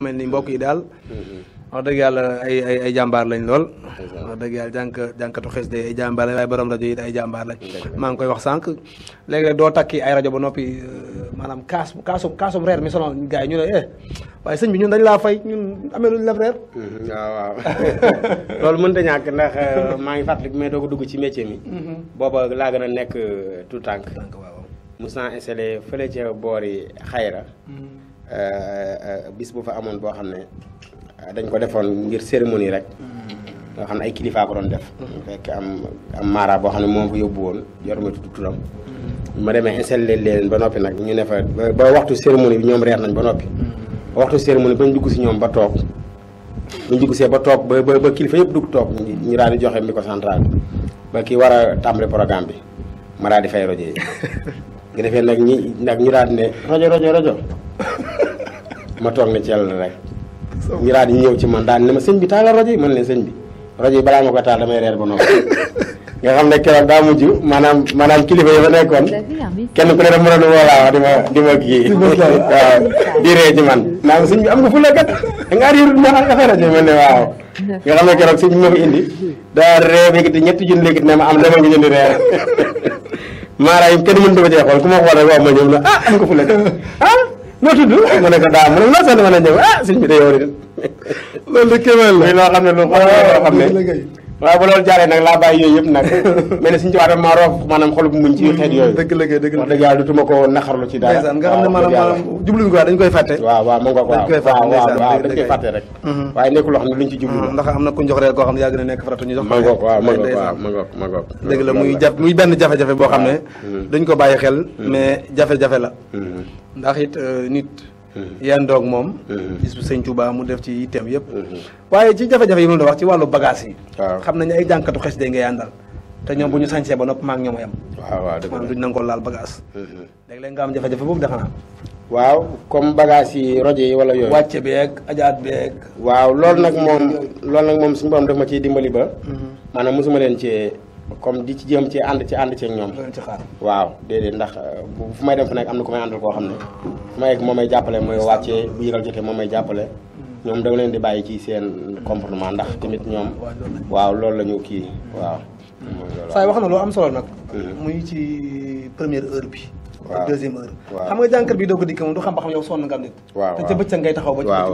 mel ni mbokk yi daal wax dëgg yàlla ay ay ay lañ lool wax dëgg yàlla jànk jànkatu xes de ay jàmbaar lañ waaye borom rajo maa ngi koy wax sànq léegi doo takki ay rajo ba noppi euh, maanaam kaas kaasum kaasum reer mi sono gars yi ñu ne eh waaye sëñ bi ñun dañ laa fay ñun amee luñ la reer mm-hmm. waaw waaw loolu mënta ñàkk ndax euh, maa ngi fàttali mais doo ko dugg ci métier mi mm-hmm. booba laa gën a nekk euh, tout tànk mus naa installé fële ca boori xayra mm-hmm. Euh, euh, bis bu fa amoon boo xam ne euh, dañ ko defoon ngir cérémonie rek nga mm-hmm. xam ne ay kilifaa ko doon def mm-hmm. fekk am am boo xam ne moom fa yóbbu woon yoruma tudd turam mm-hmm. ma demee installé leen ba noppi nag ñu ne fa ba waxtu cérémonie bi ñoom reer nañ ba noppi ba waxtu cérémonie ba ñu dugg si ñoom ba toog ñu dugg see ba toog ba ba kilifa yëpp dugg toog ñu daal di joxe micro central bi ba kii war a tàmbali programme bi ma daal fay rajo yi nga defee nag nag ñu daal ne rajo rajo rajo ma toog na ci yàlla rek ñu daal di ñëw ci man daan ne ma sëñ bi taalal rajo yi man leen sëñ bi rajo yi balaa ma ko taal damay reer ba noppi nga xam ne keroog daa mujj maanaam maanaam kilifa yi fa kenn ku ne daf mënoon woolaa di ma di ma kii waaw di ree ci man naa bi am nga fu la kat dangaa réerut man ak affaire rajo ma ne waaw nga xam ne ma fi indi daa ree léegi ñetti junni léegi ne ma am demal nga jëndi reer maaraay kenn mënut a ba cee xool ku ma xool rek waaw ma ñëw na ah am nga fu la ah, noo daa mu ne la sant ma ne ñëw ah sëñ bi de yow de loolu de kéemal la muy loo xam ne lu xool loo xam ne waaw ba loolu jaaree nag laa bàyyi yooyu yëpp nag mais ne suñu ci waatam maa mm, ko naxarlu ci dara koy fàtte waaw waaw mu nga ko dañ koy fàtte waaw mm-hmm. mm, nekk faratu ñu jox ma ngoog waaw ma ngoog waaw ma ngoog ma ngoog dëgg la muy jaf muy benn jafe-jafe boo xam ne mm. dañ ko bàyyi xel mais jafe-jafe la mm-hmm. ndax it euh, nit. Mm-hmm. doog moom. Mm-hmm. bis bu sëñ Touba mu def ci yitteem yëpp. Mm-hmm. waaye ci jafe-jafe yi ma la wax ci wàllu bagage yi. waaw xam nañu ay jànkatu xes day nga yàndal te ñoom bu ñu sañsee ba nopp maa ngi ñoom a yem. waaw waaw dëgg la laal bagage. léeg-léeg nga am jafe-jafe boobu de naa. waaw comme bagage yi rajo yi wala yooyu. wàcce beeg ajaat beeg. waaw loolu nag moom loolu nag moom suñu borom daf ma ci dimbali ba. maanaam mosuma leen cee. comme di ci jëm ci ànd ci ànd ci ñoom waaw déedéet ndax euh, fu may dem fu nekk am na ko may àndal koo xam ne fu may egg moo may jàppale mooy wàccee bu yëgal jotee moo may jàppale mm. ñoom dama leen di bàyyi ci seen comportement ndax mm. tamit ñoom waaw loolu la ñu kii waaw mm. saay wax na loo am solo nag mm-hmm. muy ci première heure bi waaw deuxième heure xam bi doog a dikk moom xam ba xam yow sonn nga am nit waaa taxaw ba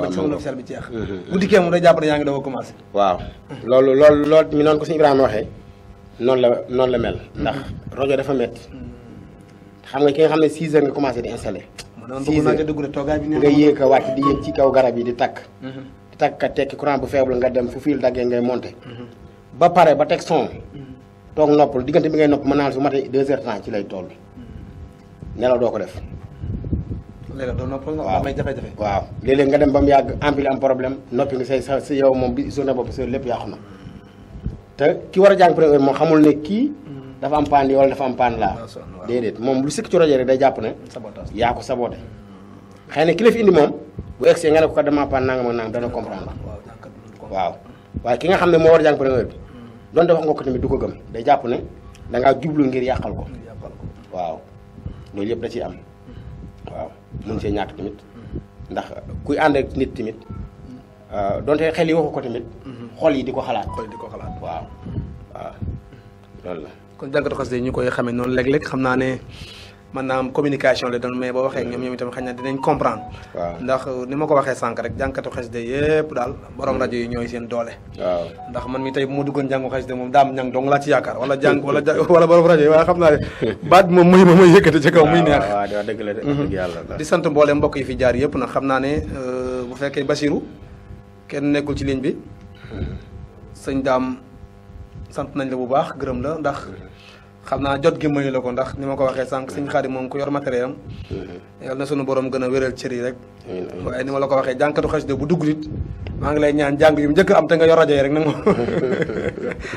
bëccëg l'officiel bi jeex mm-hmm. jàpp ne yaa ngi doog a waaw loolu loolu loolu mi ko suñu Ibrahima waxee noonu la noonu la mel. ndax rajo dafa métti. xam nga ki nga xam ne 6 heures nga commencé di installé. 6 heures nga yéeg a wàcc di yéeg ci kaw garab yi di takk. Mhm. di takk ka tekki courant bu faible nga dem fu fil daggee ngay monté. Mhm. ba pare ba teg son. Mhm. toog noppul diggante bi ngay nopp mën naa su matee 2 heures temps ci lay toll. nelaw doo ko def. léeg-léeg doo noppal nga amay jafe waaw léeg nga dem ba mu yàgg ampli am problème noppi nga say sa yow moom bi journée boobu sa lépp yàqu na. te ki war a jàng heure moom xamul ne kii. Mm. dafa am paan lii wala dafa am paan laa. déedéet moom lu sëkk ci rajo rek day jàpp ne. yaa ko saboté xëy na ki la fi indi moom bu egg see nga ko kat damaa paan nangam ak nangam waaw. ki nga xam ne moo war a jàng première bi doon dafa nga ko tamit du ko gëm day jàpp ne da jublu ngir yàqal ko waaw loolu yépp da ci am waaw mun see ñàkk tamit mm. ndax kuy ànd ak nit tamit mm. euh, donte xel yi waxu ko tamit. xol yi di ko xalaat. xol yi di ko xalaat waaw. waaw ah. loolu la. kon jànkatu xasida yi ñu koy xamee noonu léeg-léeg xam naa ne maanaam communication la doon mais boo waxee ñoom ñoom itam xëy na dinañ comprendre. waaw ma ko waxee sànq rek jànkatu xasida yëpp daal borom rajo yi ñooy seen doole. ndax man mi tey bu ma duggoon jàngu xasida moom daam ñang dong laa ci yaakaar wala jàng wala wala borom rajo yi xam naa ne baat moom muy ma muy yëkkati ci kaw muy neex. waaw waaw dëgg la dëgg mhm. yàlla. di sant mboolem mbokk yi fi jaar yëpp nag xam naa ne euh, bu fekkee Basiru kenn nekkul ci ligne bi sëñ daam sant nañ la bu baax gërëm la ndax xam naa jot gi mayu la ko ndax ni ma ko waxee sànq sëñ Xaadim moom ku yor matériel am yàlla na sunu borom gën a wéral cër yi rek waaye ni ma la ko waxee jànkatu xasida bu dugg maa ngi lay ñaan jàng yu mu njëkk am te nga yor rajo yi rek nag moo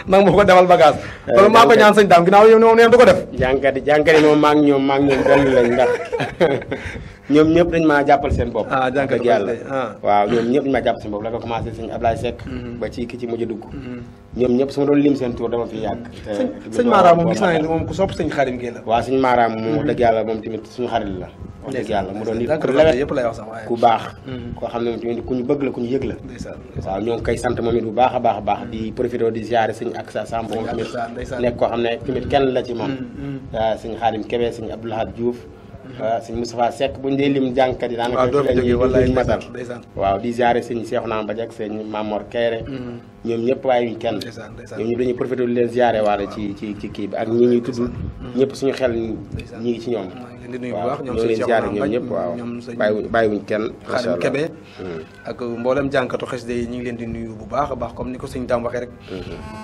nag moo ko defal bagage eh, loolu maa ko ñaan sëñ daam ginnaaw yow ne moom neen du ko def jànkati jànkati moom maa ngi ñoom maa ngi ñoom benn lañ ñoom ñëpp dañ maa jàppal seen bopp ah, dëgg yàlla ah. waaw ñoom ñëpp dañ maa jàppal seen bopp la ko commencé sëñ Ablaye Seck mm-hmm. ba ci ki ci mujj dugg mm-hmm. ñoom ñëpp su ma doon lim seen tour dama fi yàgg sëñ Mara moom gis la waaw sëñ Mara moom wax mm-hmm. dëgg yàlla suñu xarit la wax dëgg yàlla mu doon nit ku lewet ku baax koo xam ne moom tamit ku bëgg la ku yëg la waaw ñoo ngi koy sant moom it bu baax a baax a baax di profité di ziare sëñ ak sa Samb moom tamit nekk koo xam kenn la ci moom sëñ xarim Kébé sëñ Abdoulahad waaw sëñ Moustapha Seck buñ dee lim jàngkat yi daanaka lañuy matal waaw di ziare sëñ Cheikhouna Badiak sëñ Mamor Kéré mm-hmm. ñoom ñëpp bàyyiwuñ kenn ñoom ñu dañuy profité di leen ci ci ci kii bi ak ñi ñuy tudd mm-hmm. suñu xel ñi ngi ci ñoom di nuyu bu baax ñoom sëñ Cheikhouna ñoom ñëpp waaw ñoom sëñ bàyyiwuñ kenn Xaadim Kebe mm-hmm. ak mboolem jàngkatu xasida yi ñu ngi leen di nuyu bu baax a baax comme ni ko sëñ Dame waxee rek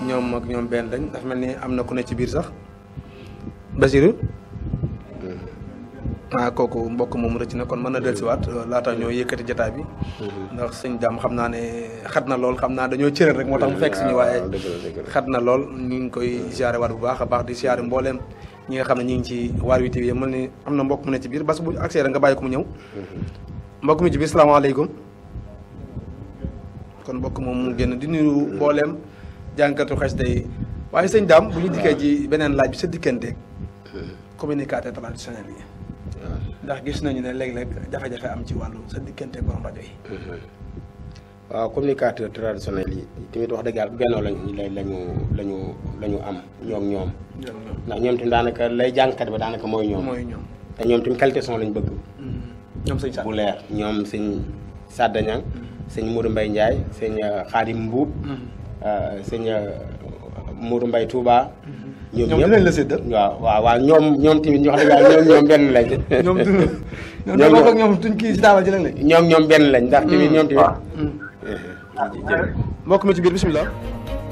ñoom ak ñoom benn dañ dafa mel ni am na ku ne ci biir sax ah kooku mbokk moom rëcc na kon mën na dellusiwaat euh, laata ñoo yëkkati jotaay bi. Mm-hmm. ndax sëñ daam xam naa ne xat na lool xam naa dañoo cëral rek moo tax mu fekk suñu waaye ah, xat na lool ñu ngi koy siyaare waat bu baax a baax di siyaare mbooleem ñi nga xam ne ñu ngi ci waar wi TV mën ne am na mbokk mu ne ci biir parce que bu accès nga bàyyi ko mu ñëw. Mm-hmm. mbokk mi ci biir salaamaaleykum. kon mbokk moom mu génn di nuyu mm-hmm. mbooleem jànkatu xas day waaye sëñ daam bu ñu dikkee ji ah. beneen laaj bi sa dikkante communicateur traditionnel yi ndax gis nañu ne léeg-léeg jafe-jafe am ci wàllu sa diggante borom rajo yi. waaw communicateur traditionnel yi tamit wax dëgg yàlla bennoo lañu lañu lañu am ñoom ñoom. ndax ñoom tamit daanaka lay jàngkat ba daanaka mooy ñoom. mooy ñoom te ñoom tamit qualité son lañu bëgg. Mm-hmm. ñoom sëñ bu leer ñoom sëñ Sadda Niang. Mm-hmm. sëñ Modou Mbaye Ndiaye sëñ euh, Mbuub. Mm-hmm. Euh, sëñ. Euh, moo Mbaye Touba. Mhm. ñoom ñoom la séddal. waaw waaw waaw ñoom ñoom tamit ñu wax ñoom ñoom benn lañ. ñoom dinañ ñoom ñoom kii si daal jëlee ñoom ñoom benn lañ. ndax tamit mm. ñoom tamit. Mm. Eh, eh, mbokk mi ci